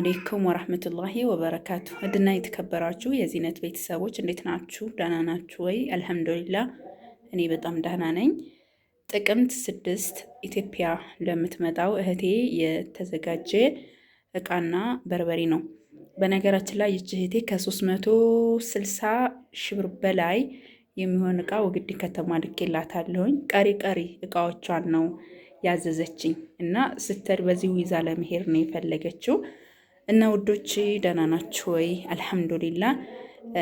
አሌይኩም ወራህመቱላሂ ወበረካቱ እድና የተከበራችሁ የዚህነት ቤተሰቦች እንዴት ናችሁ? ዳና ናችሁ ወይ? አልሐምዱሊላ እኔ በጣም ዳና ነኝ። ጥቅምት ስድስት ኢትዮጵያ ለምትመጣው እህቴ የተዘጋጀ እቃና በርበሬ ነው። በነገራችን ላይ ይች እህቴ ከ360 ሺህ ብር በላይ የሚሆን እቃ ወግዲ ከተማ ልኬላታለሁኝ። ቀሪ ቀሪ እቃዎቿን ነው ያዘዘችኝ እና ስትሄድ በዚህ ይዛ ለመሄድ ነው የፈለገችው እና ውዶች ደህና ናችሁ ወይ? አልሐምዱሊላ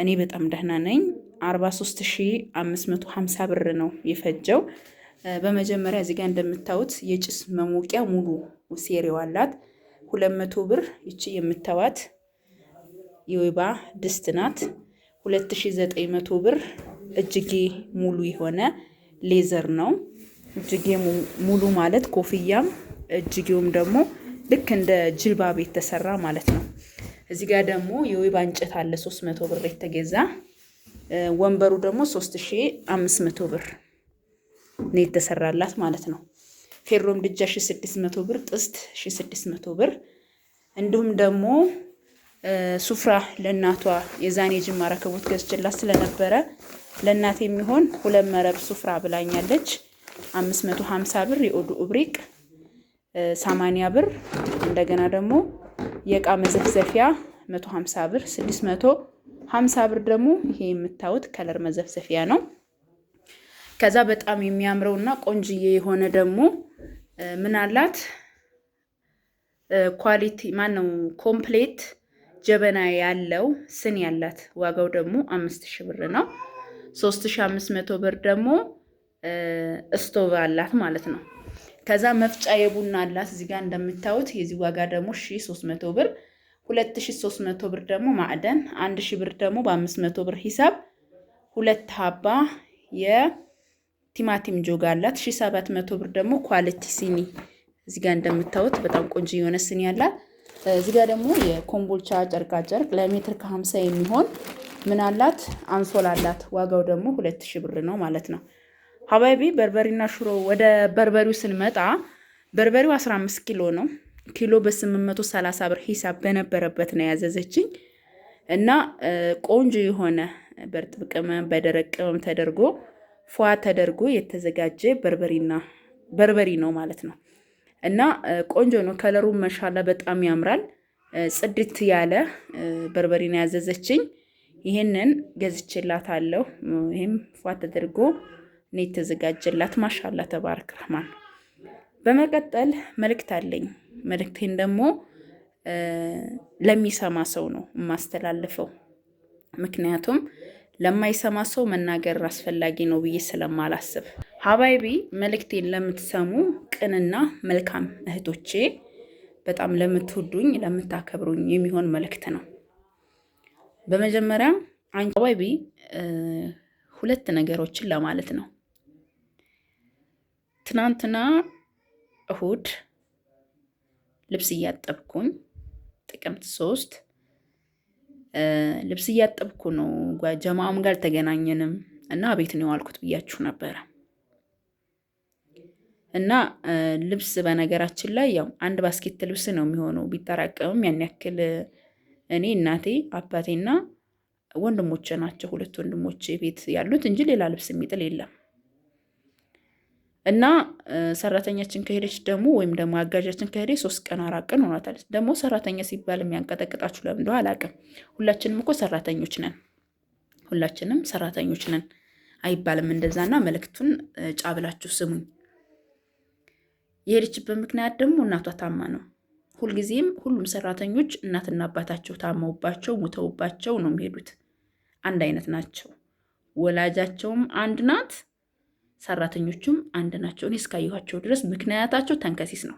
እኔ በጣም ደህና ነኝ። 43550 ብር ነው የፈጀው። በመጀመሪያ እዚጋ እንደምታዩት የጭስ መሞቂያ ሙሉ ሴሬው አላት 200 ብር። ይቺ የምታዋት የወይባ ድስት ናት 2900 ብር። እጅጌ ሙሉ የሆነ ሌዘር ነው። እጅጌ ሙሉ ማለት ኮፍያም እጅጌውም ደግሞ ልክ እንደ ጅልባብ የተሰራ ማለት ነው። እዚህ ጋር ደግሞ የወይባ እንጨት አለ 300 ብር የተገዛ ወንበሩ ደግሞ 3500 ብር ነው የተሰራላት ማለት ነው። ፌሮ ምድጃ 1600 ብር፣ ጥስት 1600 ብር እንዲሁም ደግሞ ሱፍራ ለእናቷ የዛኔ ጅማ ረከቦት ገዝችላት ስለነበረ ለእናት የሚሆን ሁለት መረብ ሱፍራ ብላኛለች 550 ብር የኦዱ ብሪቅ ሰማንያ ብር እንደገና ደግሞ የእቃ መዘፍዘፊያ 150 ብር 650 ብር ደግሞ ይሄ የምታዩት ከለር መዘፍዘፊያ ነው። ከዛ በጣም የሚያምረው እና ቆንጅዬ የሆነ ደግሞ ምን አላት ኳሊቲ ማን ነው ኮምፕሌት ጀበና ያለው ስን ያላት ዋጋው ደግሞ አምስት ብር ነው። ሶስት መቶ ብር ደግሞ ስቶቭ አላት ማለት ነው። ከዛ መፍጫ የቡና አላት እዚህ ጋር እንደምታዩት። የዚህ ዋጋ ደግሞ 1300 ብር፣ 2300 ብር ደግሞ ማዕደን፣ 1000 ብር ደግሞ በ500 ብር ሂሳብ ሁለት ሀባ የቲማቲም ጆጋ አላት። 1700 ብር ደግሞ ኳሊቲ ሲኒ እዚህ ጋር እንደምታዩት በጣም ቆንጆ የሆነ ሲኒ አላት። እዚህ ጋር ደግሞ የኮምቦልቻ ጨርቃጨርቅ ለሜትር ከ50 የሚሆን ምን አላት አንሶላ አላት። ዋጋው ደግሞ 2000 ብር ነው ማለት ነው። ሀባይቢ በርበሬና ሽሮ ወደ በርበሬው ስንመጣ በርበሬው 15 ኪሎ ነው። ኪሎ በ830 ብር ሂሳብ በነበረበት ነው ያዘዘችኝ እና ቆንጆ የሆነ በእርጥብ ቅመም በደረቅ ቅመም ተደርጎ ፏ ተደርጎ የተዘጋጀ በርበሬና በርበሬ ነው ማለት ነው። እና ቆንጆ ነው ከለሩ መሻላ በጣም ያምራል። ጽድት ያለ በርበሬ ነው ያዘዘችኝ። ይህንን ገዝቼላታለሁ። ይህም ፏ ተደርጎ ነው የተዘጋጀላት። ማሻላ ተባረክ ረህማን። በመቀጠል መልእክት አለኝ። መልእክቴን ደግሞ ለሚሰማ ሰው ነው የማስተላልፈው። ምክንያቱም ለማይሰማ ሰው መናገር አስፈላጊ ነው ብዬ ስለማላስብ፣ ሀባይቢ መልእክቴን ለምትሰሙ ቅንና መልካም እህቶቼ በጣም ለምትወዱኝ ለምታከብሩኝ የሚሆን መልእክት ነው። በመጀመሪያ ሀባይቢ ሁለት ነገሮችን ለማለት ነው። ትናንትና እሁድ ልብስ እያጠብኩኝ ጥቅምት ሶስት ልብስ እያጠብኩ ነው። ጀማም ጋር ተገናኘንም እና ቤት ነው የዋልኩት ብያችሁ ነበረ። እና ልብስ በነገራችን ላይ ያው አንድ ባስኬት ልብስ ነው የሚሆነው ቢጠራቀምም ያን ያክል እኔ እናቴ አባቴና ወንድሞቼ ናቸው ሁለት ወንድሞቼ ቤት ያሉት እንጂ ሌላ ልብስ የሚጥል የለም። እና ሰራተኛችን ከሄደች ደግሞ ወይም ደግሞ አጋዣችን ከሄደች ሶስት ቀን አራት ቀን ሆኗታል ደግሞ ሰራተኛ ሲባል የሚያንቀጠቅጣችሁ ለምንደ አላውቅም። ሁላችንም እኮ ሰራተኞች ነን፣ ሁላችንም ሰራተኞች ነን አይባልም እንደዛና መልእክቱን ጫብላችሁ ስሙኝ። የሄደችበት ምክንያት ደግሞ እናቷ ታማ ነው። ሁልጊዜም ሁሉም ሰራተኞች እናትና አባታቸው ታመውባቸው ሙተውባቸው ነው የሚሄዱት። አንድ አይነት ናቸው። ወላጃቸውም አንድ ናት። ሰራተኞቹም አንድ ናቸው። እኔ እስካየኋቸው ድረስ ምክንያታቸው ተንከሲስ ነው።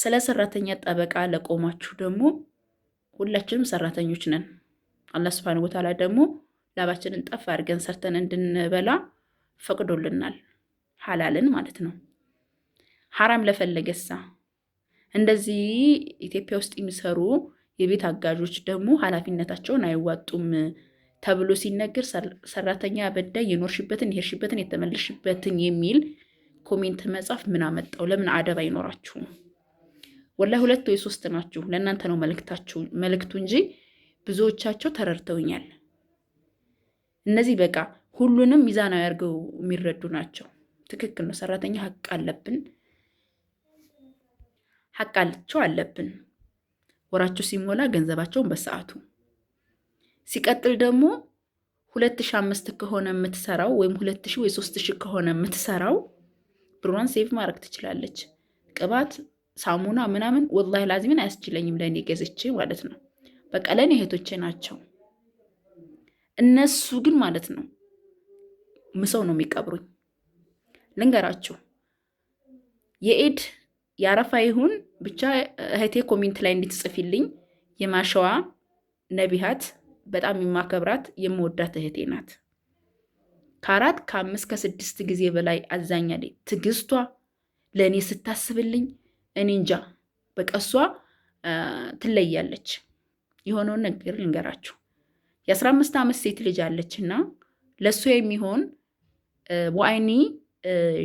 ስለ ሰራተኛ ጠበቃ ለቆማችሁ ደግሞ ሁላችንም ሰራተኞች ነን። አላህ ስብሐነሁ ወተዓላ ደግሞ ላባችንን ጠፍ አድርገን ሰርተን እንድንበላ ፈቅዶልናል። ሀላልን ማለት ነው። ሀራም ለፈለገሳ እንደዚህ ኢትዮጵያ ውስጥ የሚሰሩ የቤት አጋዦች ደግሞ ኃላፊነታቸውን አይዋጡም። ተብሎ ሲነገር ሰራተኛ በዳይ የኖርሽበትን የሄድሽበትን የተመልሽበትን የሚል ኮሜንት መጻፍ ምን አመጣው? ለምን አደብ አይኖራችሁም? ወላሂ ሁለት ወይ ሶስት ናችሁ። ለእናንተ ነው መልክታችሁ መልእክቱ እንጂ ብዙዎቻቸው ተረድተውኛል። እነዚህ በቃ ሁሉንም ሚዛናዊ አድርገው የሚረዱ ናቸው። ትክክል ነው። ሰራተኛ ሀቅ አለብን፣ ሀቅ አላቸው አለብን። ወራቸው ሲሞላ ገንዘባቸውን በሰዓቱ ሲቀጥል ደግሞ ሁለት ሺህ አምስት ከሆነ የምትሰራው ወይም ሁለት ሺህ ወይ ሶስት ከሆነ የምትሰራው ብሯን ሴቭ ማድረግ ትችላለች። ቅባት ሳሙና ምናምን ወላሂ ላዚምን አያስችለኝም ለእኔ ገዝቼ ማለት ነው። በቃ ለእኔ እህቶቼ ናቸው እነሱ ግን ማለት ነው ምሰው ነው የሚቀብሩኝ። ልንገራችሁ የኤድ የአረፋ ይሁን ብቻ እህቴ ኮሚንት ላይ እንድትጽፊልኝ የማሸዋ ነቢያት በጣም የማከብራት የምወዳት እህቴ ናት። ከአራት ከአምስት ከስድስት ጊዜ በላይ አዛኛለች። ትዕግስቷ ለእኔ ስታስብልኝ እኔ እንጃ በቃ እሷ ትለያለች። የሆነውን ነገር ልንገራችሁ። የአስራ አምስት ዓመት ሴት ልጅ አለች እና ለእሷ የሚሆን ዋይኒ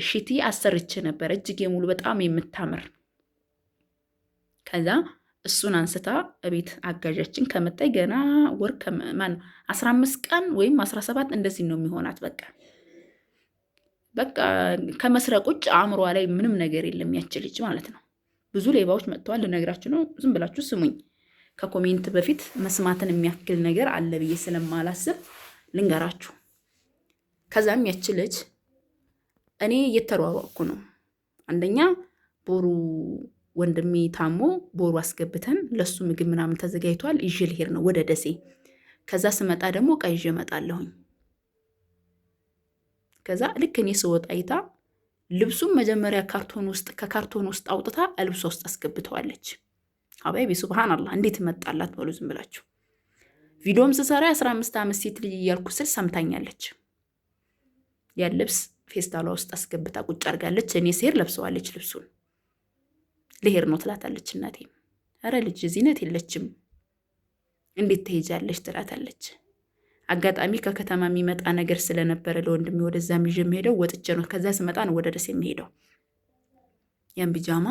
ሽቲ አሰርቼ ነበር። እጅጌ ሙሉ በጣም የምታምር ከዛ እሱን አንስታ እቤት አጋዣችን ከመጣይ ገና ወር ማን አስራ አምስት ቀን ወይም አስራ ሰባት እንደዚህ ነው የሚሆናት። በቃ በቃ ከመስረቅ ውጭ አእምሯ ላይ ምንም ነገር የለም ያች ልጅ ማለት ነው። ብዙ ሌባዎች መጥተዋል። ልነግራችሁ ነው፣ ዝም ብላችሁ ስሙኝ። ከኮሜንት በፊት መስማትን የሚያክል ነገር አለ ብዬ ስለማላስብ ልንገራችሁ። ከዛም ያች ልጅ እኔ እየተሯሯጥኩ ነው አንደኛ ቦሩ ወንድሜ ታሞ ቦሩ አስገብተን ለሱ ምግብ ምናምን ተዘጋጅቷል። ይዤ ልሄድ ነው ወደ ደሴ። ከዛ ስመጣ ደግሞ እቃ ይዤ እመጣለሁኝ። ከዛ ልክ እኔ ስወጣ አይታ ልብሱም መጀመሪያ ካርቶን ውስጥ ከካርቶን ውስጥ አውጥታ ልብሷ ውስጥ አስገብተዋለች። አባይቤ ሱብሃን አላህ እንዴት እመጣላት በሉ ዝም ብላችሁ። ቪዲዮም ስሰራ የአስራ አምስት ዓመት ሴት ልጅ እያልኩ ስል ሰምታኛለች። ያን ልብስ ፌስታሏ ውስጥ አስገብታ ቁጭ አድርጋለች። እኔ ስሄድ ለብሰዋለች ልብሱን ልሄድ ነው ትላታለች እናቴ። አረ ልጅ እዚህ ነት የለችም እንዴት ትሄጃለች? ትላታለች። አጋጣሚ ከከተማ የሚመጣ ነገር ስለነበረ ለወንድሜ ወደዛ ይዤ የምሄደው ወጥቼ ነው። ከዛ ስመጣ ነው ወደ ደሴ የሚሄደው። ያን ቢጃማ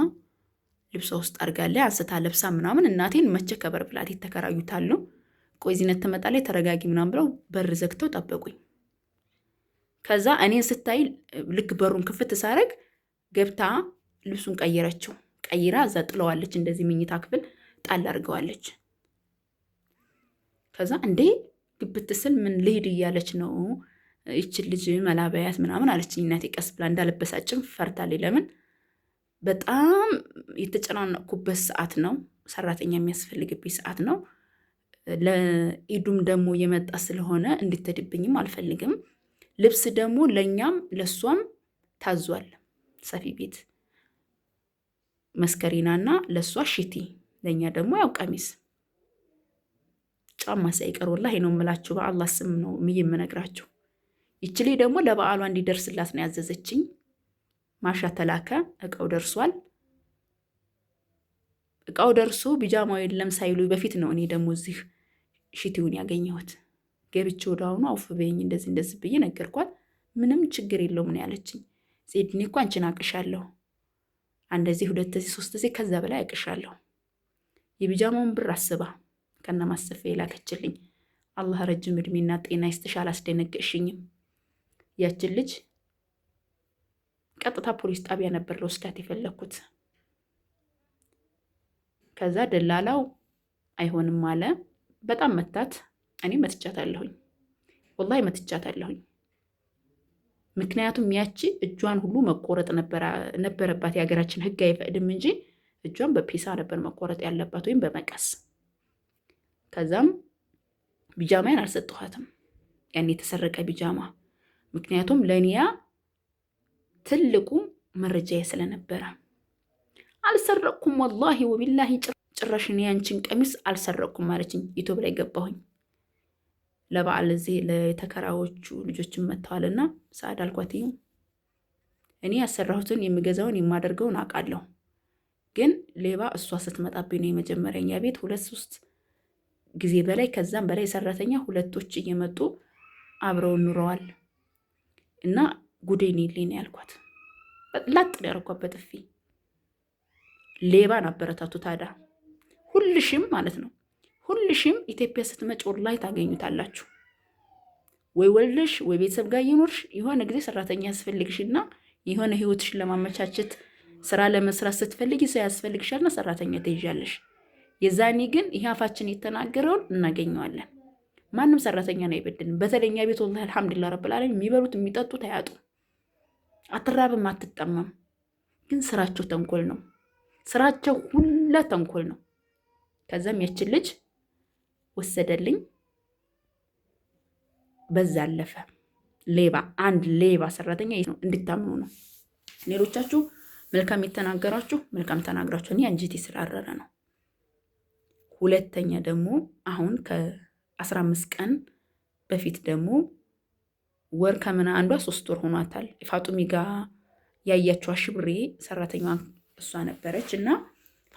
ልብሷ ውስጥ አድርጋለ አንስታ ለብሳ ምናምን እናቴን መቼ ከበር ብላት ይተከራዩታሉ። ቆይ እዚህ ትመጣለች፣ ተረጋጊ ምናምን ብለው በር ዘግተው ጠበቁኝ። ከዛ እኔን ስታይ ልክ በሩን ክፍት ሳረግ ገብታ ልብሱን ቀየረችው። ቀይራ እዛ ጥለዋለች። እንደዚህ ምኝታ ክፍል ጣል አድርገዋለች። ከዛ እንዴ ግብት ስል ምን ልሂድ እያለች ነው ይችን ልጅ መላበያት ምናምን አለች። እናቴ ቀስ ብላ እንዳለበሳጭም ፈርታል። ለምን በጣም የተጨናነቅኩበት ሰዓት ነው፣ ሰራተኛ የሚያስፈልግብኝ ሰዓት ነው። ለኢዱም ደግሞ የመጣ ስለሆነ እንድትሄድብኝም አልፈልግም። ልብስ ደግሞ ለእኛም ለእሷም ታዟል ሰፊ ቤት መስከሪና እና ለእሷ ሽቲ ለእኛ ደግሞ ያው ቀሚስ ጫማ ሳይቀር ወላሂ ነው የምላችሁ። በአላህ ስም ነው የምነግራችሁ። ይችሌ ደግሞ ለበዓሏ እንዲደርስላት ነው ያዘዘችኝ። ማሻ ተላከ፣ እቃው ደርሷል። እቃው ደርሶ ቢጃማው የለም ሳይሉ በፊት ነው እኔ ደግሞ እዚህ ሽቲውን ያገኘሁት። ገብቼ ወደ አሁኑ አውፍ በይኝ እንደዚህ እንደዚህ ብዬ ነገርኳት። ምንም ችግር የለውም ነው ያለችኝ። ዜድኔ እኮ አንቺን አቅሻለሁ አንደዚህ ሁለት ዚህ ሶስት ዚህ ከዛ በላይ አቅሻለሁ። የቢጃማውን ብር አስባ ከነ ማሰፊያ የላከችልኝ አላህ ረጅም እድሜና ጤና ይስጥሽ፣ አላስደነገጥሽኝም። ያችን ልጅ ቀጥታ ፖሊስ ጣቢያ ነበር ለወስዳት የፈለግኩት። ከዛ ደላላው አይሆንም አለ። በጣም መታት። እኔ መትቻት አለሁኝ፣ ወላሂ መትቻት አለሁኝ። ምክንያቱም ያቺ እጇን ሁሉ መቆረጥ ነበረባት። የሀገራችን ህግ አይፈቅድም እንጂ እጇን በፒሳ ነበር መቆረጥ ያለባት ወይም በመቀስ። ከዛም ቢጃማያን አልሰጠኋትም፣ ያን የተሰረቀ ቢጃማ። ምክንያቱም ለኒያ ትልቁ መረጃዬ ስለነበረ አልሰረቅኩም፣ ወላሂ ወቢላሂ ጭራሽ ኒያንችን ቀሚስ አልሰረቅኩም ማለችኝ። ዩቱብ ላይ ገባሁኝ። ለበዓል እዚህ ለተከራዎቹ ልጆችን መጥተዋልና ሰአድ አልኳትኝ። እኔ ያሰራሁትን የምገዛውን የማደርገውን አውቃለሁ፣ ግን ሌባ እሷ ስትመጣብኝ ነው የመጀመሪያኛ ቤት ሁለት ሶስት ጊዜ በላይ ከዛም በላይ ሰራተኛ ሁለቶች እየመጡ አብረው ኑረዋል። እና ጉዴን የሌን ያልኳት ላጥ ያርኳት በጥፊ ሌባን አበረታቱ ታዳ ሁልሽም ማለት ነው ሁልሽም ኢትዮጵያ ስትመጪ ኦንላይን ታገኙታላችሁ። ወይ ወልደሽ ወይ ቤተሰብ ጋር ይኖርሽ የሆነ ጊዜ ሰራተኛ ያስፈልግሽና የሆነ ህይወትሽን ለማመቻቸት ስራ ለመስራት ስትፈልጊ ሰው ያስፈልግሻልና ሰራተኛ ትይዣለሽ። የዛኔ ግን ይህ አፋችን የተናገረውን እናገኘዋለን። ማንም ሰራተኛን አይበድልም። በተለይ እኛ ቤት ወላ አልሐምዱሊላህ ረብል ዓለሚን የሚበሉት የሚጠጡት አያጡ አትራብም፣ አትጠማም። ግን ስራቸው ተንኮል ነው። ስራቸው ሁላ ተንኮል ነው። ከዛም ያችን ልጅ ወሰደልኝ። በዛ አለፈ። ሌባ አንድ ሌባ ሰራተኛ ነው እንድታምኑ ነው። ሌሎቻችሁ መልካም የተናገራችሁ መልካም ተናግራችሁ፣ እኔ አንጀቴ ስራረረ ነው። ሁለተኛ ደግሞ አሁን ከአስራ አምስት ቀን በፊት ደግሞ ወር ከምና አንዷ ሶስት ወር ሆኗታል። ፋጡሚ ጋ ያያቸው አሽብሬ ሰራተኛዋ እሷ ነበረች እና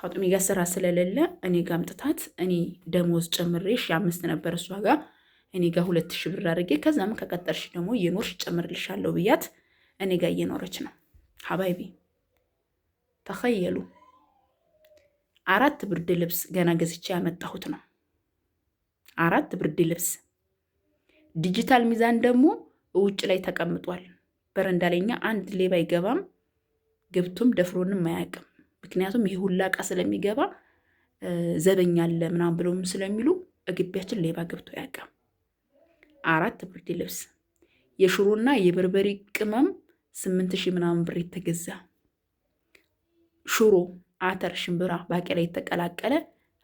ፋጡሜ ሚጋ ስራ ስለሌለ እኔ ጋ አምጥታት እኔ ደሞዝ ጨምሬ ሺ አምስት ነበር እሷ ጋ እኔ ጋ ሁለት ሺ ብር አድርጌ ከዛም ከቀጠርሽ ደግሞ እየኖርሽ ጨምርልሻለሁ ብያት እኔ ጋ እየኖረች ነው። ሀባይቢ ተኸየሉ አራት ብርድ ልብስ ገና ገዝቼ ያመጣሁት ነው። አራት ብርድ ልብስ ዲጂታል ሚዛን ደግሞ ውጭ ላይ ተቀምጧል። በረንዳ ላይኛ አንድ ሌባ አይገባም፣ ገብቶም ደፍሮንም አያውቅም። ምክንያቱም ይህ ሁላ ዕቃ ስለሚገባ ዘበኛ አለ ምናምን ብለው ስለሚሉ ግቢያችን ሌባ ገብቶ አያውቅም። አራት ብርድ ልብስ የሽሮና የበርበሬ ቅመም ስምንት ሺህ ምናምን ብር የተገዛ ሽሮ፣ አተር፣ ሽምብራ፣ ባቄላ የተቀላቀለ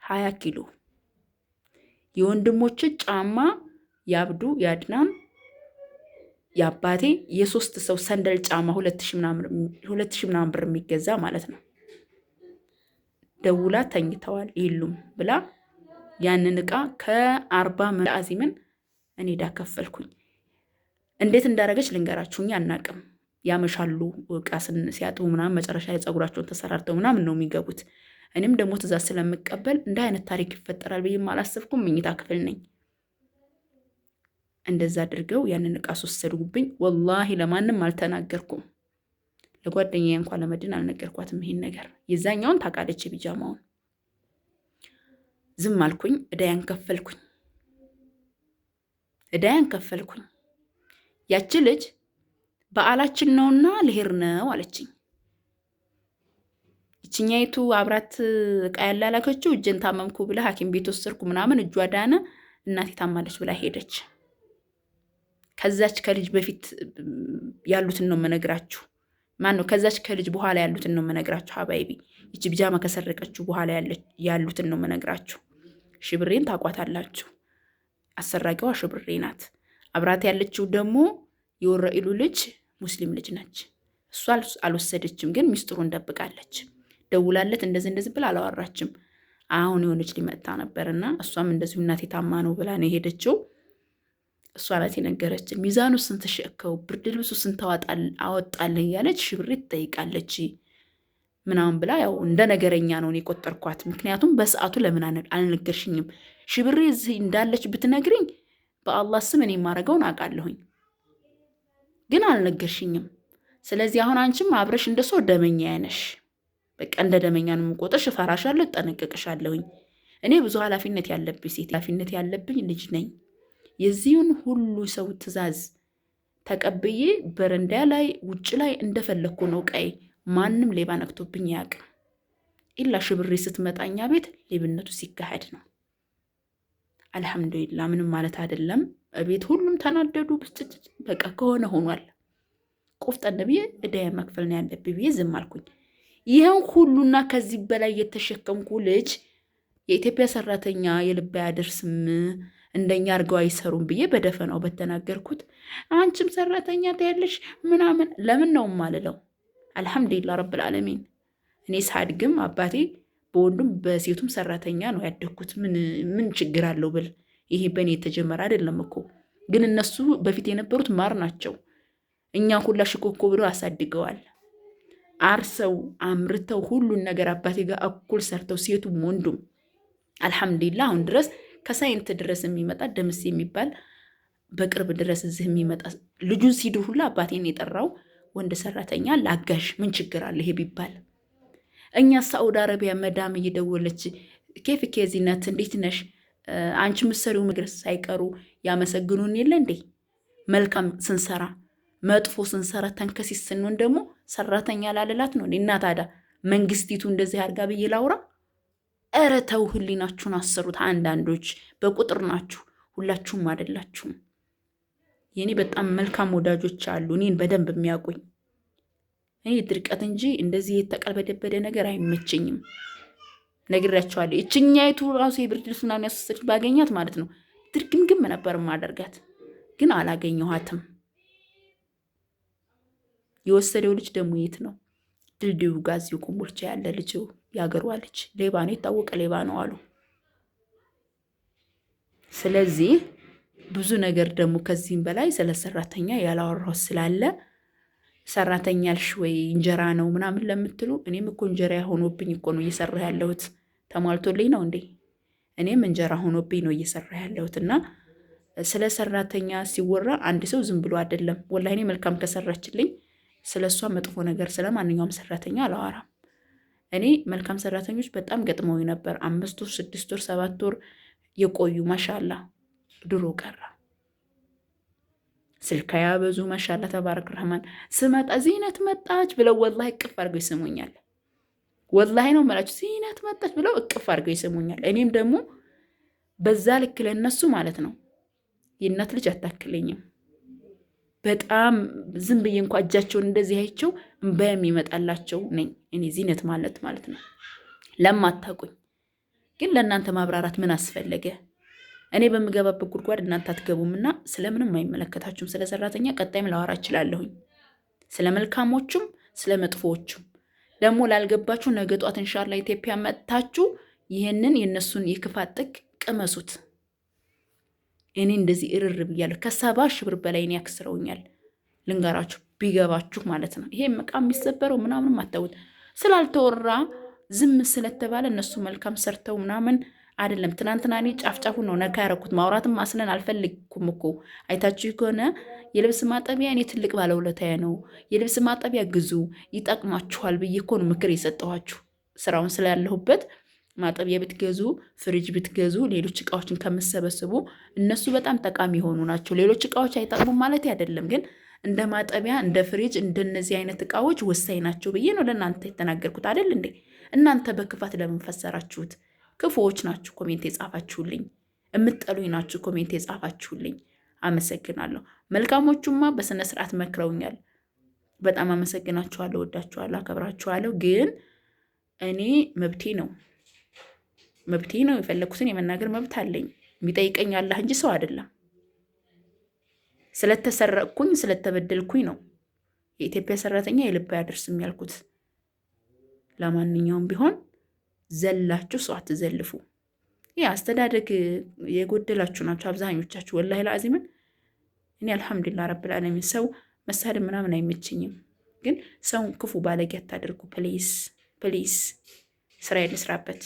ሀያ ኪሎ የወንድሞች ጫማ የአብዱ የአድናም የአባቴ የሶስት ሰው ሰንደል ጫማ ሁለት ሺህ ምናምን ብር የሚገዛ ማለት ነው። ደውላ ተኝተዋል የሉም ብላ ያንን እቃ ከአርባ መአዚምን እኔ ዳከፈልኩኝ። እንዴት እንዳደረገች ልንገራችሁ። እኛ አናቅም። ያመሻሉ እቃ ሲያጥቡ ምናምን፣ መጨረሻ ላይ ፀጉራቸውን ተሰራርተው ምናምን ነው የሚገቡት። እኔም ደግሞ ትእዛዝ ስለምቀበል እንደ አይነት ታሪክ ይፈጠራል ብዬም አላሰብኩም። መኝታ ክፍል ነኝ። እንደዛ አድርገው ያንን እቃ ወሰዱብኝ። ወላሂ ለማንም አልተናገርኩም። ለጓደኛዬ እንኳን ለመድን አልነገርኳትም ይሄን ነገር። የዛኛውን ታውቃለች የቢጃማውን። ዝም አልኩኝ። እዳያን ከፈልኩኝ፣ እዳያን ከፈልኩኝ። ያቺ ልጅ በዓላችን ነውና ልሄድ ነው አለችኝ። ይችኛይቱ አብራት ቃ ያላላከችው ላከችው። እጄን ታመምኩ ብለ ሐኪም ቤት ወሰድኩ ምናምን እጇ ዳነ፣ እናቴ ታማለች ብላ ሄደች። ከዛች ከልጅ በፊት ያሉትን ነው መነግራችሁ? ማን ነው ከዛች ከልጅ በኋላ ያሉትን ነው መነግራችሁ። ሀባይቢ ይቺ ብጃማ ከሰረቀችሁ በኋላ ያሉትን ነው መነግራችሁ። ሽብሬን ታቋታላችሁ። አሰራቂዋ ሽብሬ ናት። አብራት ያለችው ደግሞ የወረኢሉ ልጅ ሙስሊም ልጅ ነች። እሷ አልወሰደችም፣ ግን ሚስጥሩን ደብቃለች። ደውላለት እንደዚህ እንደዚህ ብላ አላዋራችም አሁን የሆነች ሊመጣ ነበርና እሷም እንደዚሁ እናቴ ታማ ነው ብላ ነው የሄደችው። እሷ ናት የነገረችን። ሚዛኑ ስንት ተሸከው ብርድ ልብሱ ስንት አወጣልህ እያለች ሺህ ትጠይቃለች ምናምን ብላ ያው እንደ ነገረኛ ነው የቆጠርኳት። ምክንያቱም በሰዓቱ ለምን አልነገርሽኝም? ሽብሬ እዚህ እንዳለች ብትነግርኝ በአላህ ስም እኔ የማደርገውን አውቃለሁኝ፣ ግን አልነገርሽኝም። ስለዚህ አሁን አንቺም አብረሽ ሰው ደመኛ ያነሽ በቃ እንደ ደመኛ ነው የምቆጥርሽ። እፈራሻለሁ፣ እጠነቀቅሻለሁኝ። እኔ ብዙ ኃላፊነት ያለብኝ ሴት ኃላፊነት ያለብኝ ልጅ ነኝ። የዚህን ሁሉ ሰው ትዕዛዝ ተቀብዬ በረንዳ ላይ ውጭ ላይ እንደፈለግኩ ነው ቀይ ማንም ሌባ ነክቶብኝ ያቅ ኢላ ሽብሬ ስትመጣኛ ቤት ሌብነቱ ሲካሄድ ነው። አልሐምዱሊላ ምንም ማለት አይደለም። ቤት ሁሉም ተናደዱ። ብስጭጭ በቃ ከሆነ ሆኗል። ቆፍጠን ብዬ እዳያ መክፈል ነው ያለብኝ ብዬ ዝም አልኩኝ። ይህን ሁሉና ከዚህ በላይ የተሸከምኩ ልጅ የኢትዮጵያ ሰራተኛ የልብ አያደርስም እንደኛ አድርገው አይሰሩም ብዬ በደፈናው በተናገርኩት አንቺም ሰራተኛ ታያለሽ ምናምን ለምን ነው ማልለው? አልሐምዱሊላ ረብል እኔ ሳድግም አባቴ በወንዱም በሴቱም ሰራተኛ ነው ያደግኩት። ምን ችግር አለው ብል ይሄ በእኔ የተጀመረ አይደለም እኮ ግን እነሱ በፊት የነበሩት ማር ናቸው። እኛ ሁላ ሽኮኮ ብሎ አሳድገዋል። አርሰው አምርተው ሁሉን ነገር አባቴ ጋር እኩል ሰርተው ሴቱም ወንዱም አልሐምዱሊላ አሁን ድረስ ከሳይንት ድረስ የሚመጣ ደምስ የሚባል በቅርብ ድረስ እዚህ የሚመጣ ልጁን ሲዱ ሁላ አባቴን የጠራው ወንድ ሰራተኛ ላጋሽ ምን ችግር አለ ይሄ ቢባል። እኛ ሳዑድ አረቢያ መዳም እየደወለች ኬፍ ኬዚነት እንዴት ነሽ አንቺ ምሰሪው ምግር ሳይቀሩ ያመሰግኑን የለ እንዴ? መልካም ስንሰራ መጥፎ ስንሰራ ተንከሲስ ስንሆን ደግሞ ሰራተኛ ላለላት ነው እና ታዲያ መንግስቲቱ እንደዚህ አርጋ ብዬ ላውራ እረ ተው፣ ህሊናችሁን አሰሩት። አንዳንዶች በቁጥር ናችሁ፣ ሁላችሁም አይደላችሁም። የእኔ በጣም መልካም ወዳጆች አሉ፣ እኔን በደንብ የሚያውቁኝ። እኔ ድርቀት እንጂ እንደዚህ የተቀለበደበደ ነገር አይመቸኝም። ነግሬያቸዋለሁ። እችኛይቱ ራሱ የብርድ ልብስ ምናምን ያስወሰደች ባገኛት ማለት ነው ድርግምግም ነበር ማደርጋት፣ ግን አላገኘኋትም። የወሰደው ልጅ ደግሞ የት ነው? ድልድዩ ጋር እዚሁ ኮምቦልቻ ያለ ልጅው የአገሯ ልጅ ሌባ ነው፣ የታወቀ ሌባ ነው አሉ። ስለዚህ ብዙ ነገር ደግሞ ከዚህም በላይ ስለ ሰራተኛ ያላወራው ስላለ ሰራተኛ ያልሽ ወይ እንጀራ ነው ምናምን ለምትሉ እኔም እኮ እንጀራ ሆኖብኝ እኮ ነው እየሰራ ያለሁት። ተሟልቶልኝ ነው እንዴ? እኔም እንጀራ ሆኖብኝ ነው እየሰራ ያለሁት። እና ስለ ሰራተኛ ሲወራ አንድ ሰው ዝም ብሎ አይደለም። ወላሂ እኔ መልካም ከሰራችልኝ ስለ እሷ መጥፎ ነገር ስለ ማንኛውም ሰራተኛ አላወራም። እኔ መልካም ሰራተኞች በጣም ገጥመው ነበር። አምስት ወር፣ ስድስት ወር፣ ሰባት ወር የቆዩ ማሻላ ድሮ ቀራ። ስልካ ያበዙ ማሻላ ተባረክ ረህማን። ስመጣ ዚነት መጣች ብለው ወላሂ እቅፍ አድርገው ይስሙኛል። ወላሂ ነው የምላችሁ፣ ዚነት መጣች ብለው እቅፍ አድርገው ይስሙኛል። እኔም ደግሞ በዛ ልክ ለእነሱ ማለት ነው የእናት ልጅ አታክለኝም። በጣም ዝም ብዬ እንኳ እጃቸውን እንደዚህ አይቸው እምባ የሚመጣላቸው ነኝ እኔ ዚነት ማለት ማለት ነው። ለማታቁኝ ግን ለእናንተ ማብራራት ምን አስፈለገ? እኔ በምገባበት ጉድጓድ እናንተ አትገቡም እና ስለምንም አይመለከታችሁም። ስለ ሰራተኛ ቀጣይም ላወራ እችላለሁኝ፣ ስለ መልካሞቹም ስለ መጥፎዎቹም። ደግሞ ላልገባችሁ ነገ ጧት እንሻላ ኢትዮጵያ መጥታችሁ ይህንን የእነሱን የክፋት ጥግ ቅመሱት። እኔ እንደዚህ እርር ብያለሁ። ከሰባ ሺህ ብር በላይ እኔ ያክስረውኛል። ልንገራችሁ ቢገባችሁ ማለት ነው። ይሄ እቃ የሚሰበረው ምናምንም አታውት ስላልተወራ ዝም ስለተባለ እነሱ መልካም ሰርተው ምናምን አይደለም። ትናንትና እኔ ጫፍጫፉ ነው ነካ ያረኩት። ማውራትም ማስለን አልፈልግኩም እኮ አይታችሁ ከሆነ የልብስ ማጠቢያ እኔ ትልቅ ባለውለታዬ ነው። የልብስ ማጠቢያ ግዙ ይጠቅማችኋል ብዬ እኮ ነው ምክር የሰጠኋችሁ ስራውን ስላለሁበት ማጠቢያ ብትገዙ፣ ፍሪጅ ብትገዙ፣ ሌሎች እቃዎችን ከምሰበስቡ እነሱ በጣም ጠቃሚ የሆኑ ናቸው። ሌሎች እቃዎች አይጠቅሙም ማለት አይደለም፣ ግን እንደ ማጠቢያ፣ እንደ ፍሪጅ፣ እንደነዚህ አይነት እቃዎች ወሳኝ ናቸው ብዬ ነው ለእናንተ የተናገርኩት አይደል እንዴ? እናንተ በክፋት ለምን ፈሰራችሁት? ክፉዎች ናችሁ ኮሜንት የጻፋችሁልኝ፣ የምትጠሉኝ ናችሁ ኮሜንት የጻፋችሁልኝ። አመሰግናለሁ። መልካሞቹማ በስነ ስርዓት መክረውኛል። በጣም አመሰግናችኋለሁ፣ ወዳችኋለሁ፣ አከብራችኋለሁ። ግን እኔ መብቴ ነው መብቴ ነው። የፈለግኩትን የመናገር መብት አለኝ። የሚጠይቀኝ አላህ እንጂ ሰው አይደለም። ስለተሰረቅኩኝ ስለተበደልኩኝ ነው የኢትዮጵያ ሰራተኛ የልብ አያደርስም ያልኩት። ለማንኛውም ቢሆን ዘላችሁ ሰው አትዘልፉ። ይህ አስተዳደግ የጎደላችሁ ናቸው አብዛኞቻችሁ። ወላሂ ለአዚምን እኔ አልሐምዱላ ረብል ሰው መሳደብ ምናምን አይመችኝም፣ ግን ሰውን ክፉ ባለጌ አታደርጉ። ፕሊስ ፕሊስ፣ ስራ የልስራበት